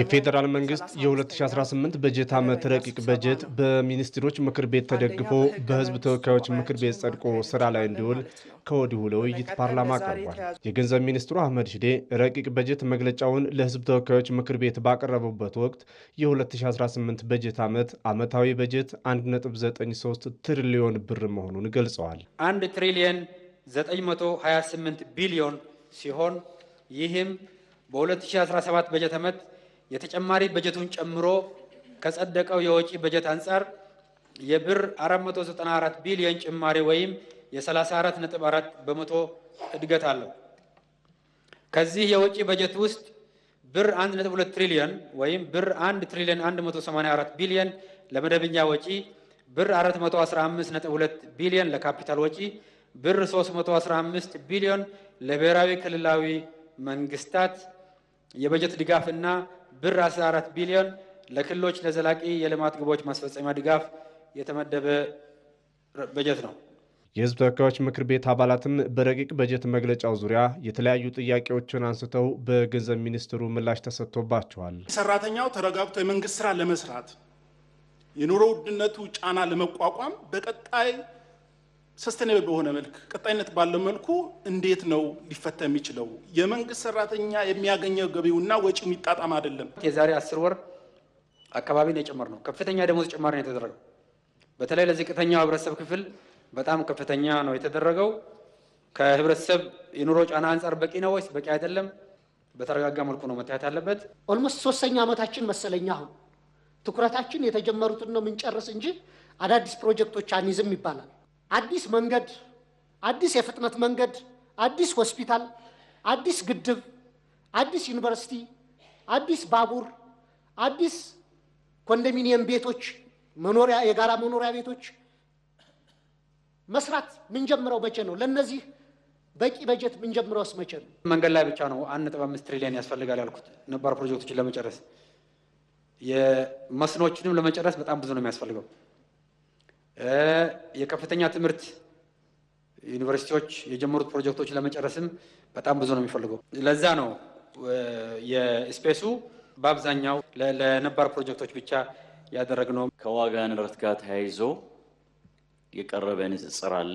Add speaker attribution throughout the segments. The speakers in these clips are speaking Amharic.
Speaker 1: የፌዴራል መንግስት የ2018 በጀት ዓመት ረቂቅ በጀት በሚኒስትሮች ምክር ቤት ተደግፎ በህዝብ ተወካዮች ምክር ቤት ጸድቆ ስራ ላይ እንዲውል ከወዲሁ ለውይይት ፓርላማ ቀርቧል። የገንዘብ ሚኒስትሩ አህመድ ሽዴ ረቂቅ በጀት መግለጫውን ለህዝብ ተወካዮች ምክር ቤት ባቀረቡበት ወቅት የ2018 በጀት ዓመት ዓመታዊ በጀት 1.93 ትሪሊዮን ብር መሆኑን ገልጸዋል።
Speaker 2: 1 ትሪሊየን 928 ቢሊዮን ሲሆን ይህም በ2017 በጀት ዓመት የተጨማሪ በጀቱን ጨምሮ ከጸደቀው የወጪ በጀት አንጻር የብር 494 ቢሊዮን ጭማሪ ወይም የ34.4 በመቶ እድገት አለው። ከዚህ የወጪ በጀት ውስጥ ብር 1.2 ትሪሊዮን ወይም ብር 1 ትሪሊዮን 184 ቢሊዮን ለመደበኛ ወጪ፣ ብር 415.2 ቢሊዮን ለካፒታል ወጪ፣ ብር 315 ቢሊዮን ለብሔራዊ ክልላዊ መንግስታት የበጀት ድጋፍ እና ብር 14 ቢሊዮን ለክልሎች ለዘላቂ የልማት ግቦች ማስፈጸሚያ ድጋፍ የተመደበ በጀት ነው።
Speaker 1: የሕዝብ ተወካዮች ምክር ቤት አባላትም በረቂቅ በጀት መግለጫው ዙሪያ የተለያዩ ጥያቄዎችን አንስተው በገንዘብ ሚኒስትሩ ምላሽ ተሰጥቶባቸዋል።
Speaker 3: ሰራተኛው ተረጋግቶ የመንግስት ስራ ለመስራት የኑሮ ውድነቱ ጫና ለመቋቋም በቀጣይ ሰስተኔብል በሆነ መልክ ቀጣይነት ባለው መልኩ እንዴት ነው ሊፈታ የሚችለው? የመንግስት ሰራተኛ የሚያገኘው ገቢውና ወጪ የሚጣጣም አይደለም።
Speaker 2: የዛሬ አስር ወር አካባቢ ነው የጨመር ነው ከፍተኛ ደሞዝ ጭማሪ ነው የተደረገው። በተለይ ለዝቅተኛው ህብረተሰብ ክፍል በጣም ከፍተኛ ነው የተደረገው። ከህብረተሰብ የኑሮ ጫና አንጻር በቂ ነው ወይስ በቂ አይደለም? በተረጋጋ መልኩ ነው መታየት አለበት።
Speaker 4: ኦልሞስት ሶስተኛ ዓመታችን መሰለኛ። አሁን ትኩረታችን የተጀመሩትን ነው የምንጨርስ እንጂ አዳዲስ ፕሮጀክቶች አንይዝም ይባላል። አዲስ መንገድ፣ አዲስ የፍጥነት መንገድ፣ አዲስ ሆስፒታል፣ አዲስ ግድብ፣ አዲስ ዩኒቨርሲቲ፣ አዲስ ባቡር፣ አዲስ ኮንዶሚኒየም ቤቶች፣ መኖሪያ የጋራ መኖሪያ ቤቶች መስራት ምንጀምረው መቼ ነው? ለነዚህ በቂ በጀት ምንጀምረውስ መቼ ነው?
Speaker 2: መንገድ ላይ ብቻ ነው አንድ ነጥብ አምስት ያስፈልጋል ያልኩት ነባር ፕሮጀክቶችን ለመጨረስ የመስኖችንም ለመጨረስ በጣም ብዙ ነው የሚያስፈልገው። የከፍተኛ ትምህርት ዩኒቨርሲቲዎች የጀመሩት ፕሮጀክቶች ለመጨረስም በጣም ብዙ ነው የሚፈልገው። ለዛ ነው የስፔሱ በአብዛኛው ለነባር ፕሮጀክቶች ብቻ ያደረግነው።
Speaker 5: ከዋጋ ንረት ጋር ተያይዞ የቀረበ ንጽጽር አለ።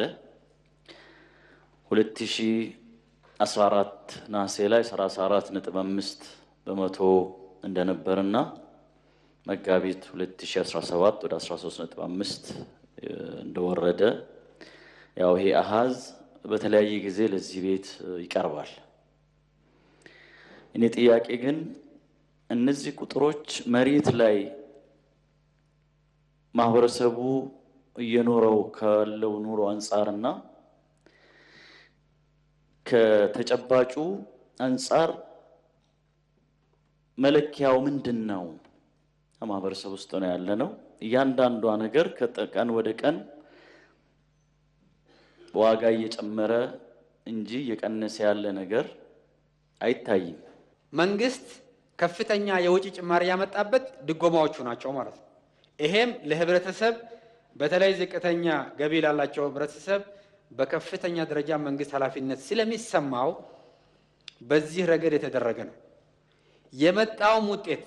Speaker 5: 2014 ናሴ ላይ 34.5 በመቶ እንደነበርና መጋቢት 2017 ወደ 13.5 እንደወረደ ያው ይሄ አሃዝ በተለያየ ጊዜ ለዚህ ቤት ይቀርባል። እኔ ጥያቄ ግን እነዚህ ቁጥሮች መሬት ላይ ማህበረሰቡ እየኖረው ካለው ኑሮ አንጻርና ከተጨባጩ አንጻር መለኪያው ምንድን ነው? ማህበረሰብ ውስጥ ነው ያለ ነው። እያንዳንዷ ነገር ከቀን ወደ ቀን ዋጋ እየጨመረ እንጂ እየቀነሰ ያለ ነገር አይታይም።
Speaker 2: መንግስት ከፍተኛ የውጭ ጭማሪ ያመጣበት ድጎማዎቹ ናቸው ማለት ነው። ይሄም ለህብረተሰብ በተለይ ዝቅተኛ ገቢ ላላቸው ህብረተሰብ በከፍተኛ ደረጃ መንግስት ኃላፊነት ስለሚሰማው በዚህ ረገድ የተደረገ ነው። የመጣውም ውጤት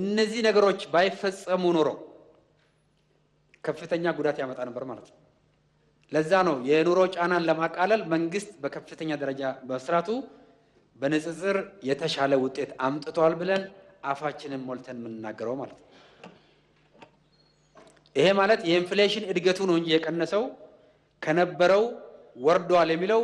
Speaker 2: እነዚህ ነገሮች ባይፈጸሙ ኖሮ ከፍተኛ ጉዳት ያመጣ ነበር ማለት ነው። ለዛ ነው የኑሮ ጫናን ለማቃለል መንግስት በከፍተኛ ደረጃ በስራቱ በንጽጽር የተሻለ ውጤት አምጥቷል ብለን አፋችንን ሞልተን የምንናገረው ማለት ነው። ይሄ ማለት የኢንፍሌሽን እድገቱ ነው እንጂ የቀነሰው ከነበረው ወርዷል የሚለው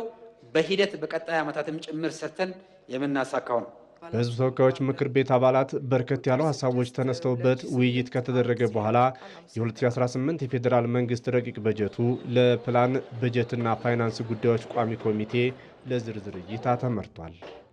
Speaker 2: በሂደት በቀጣይ ዓመታትም ጭምር ሰርተን የምናሳካው ነው።
Speaker 1: በህዝብ ተወካዮች ምክር ቤት አባላት በርከት ያሉ ሀሳቦች ተነስተውበት ውይይት ከተደረገ በኋላ የ2018 የፌዴራል መንግስት ረቂቅ በጀቱ ለፕላን በጀትና ፋይናንስ ጉዳዮች ቋሚ ኮሚቴ ለዝርዝር እይታ ተመርቷል።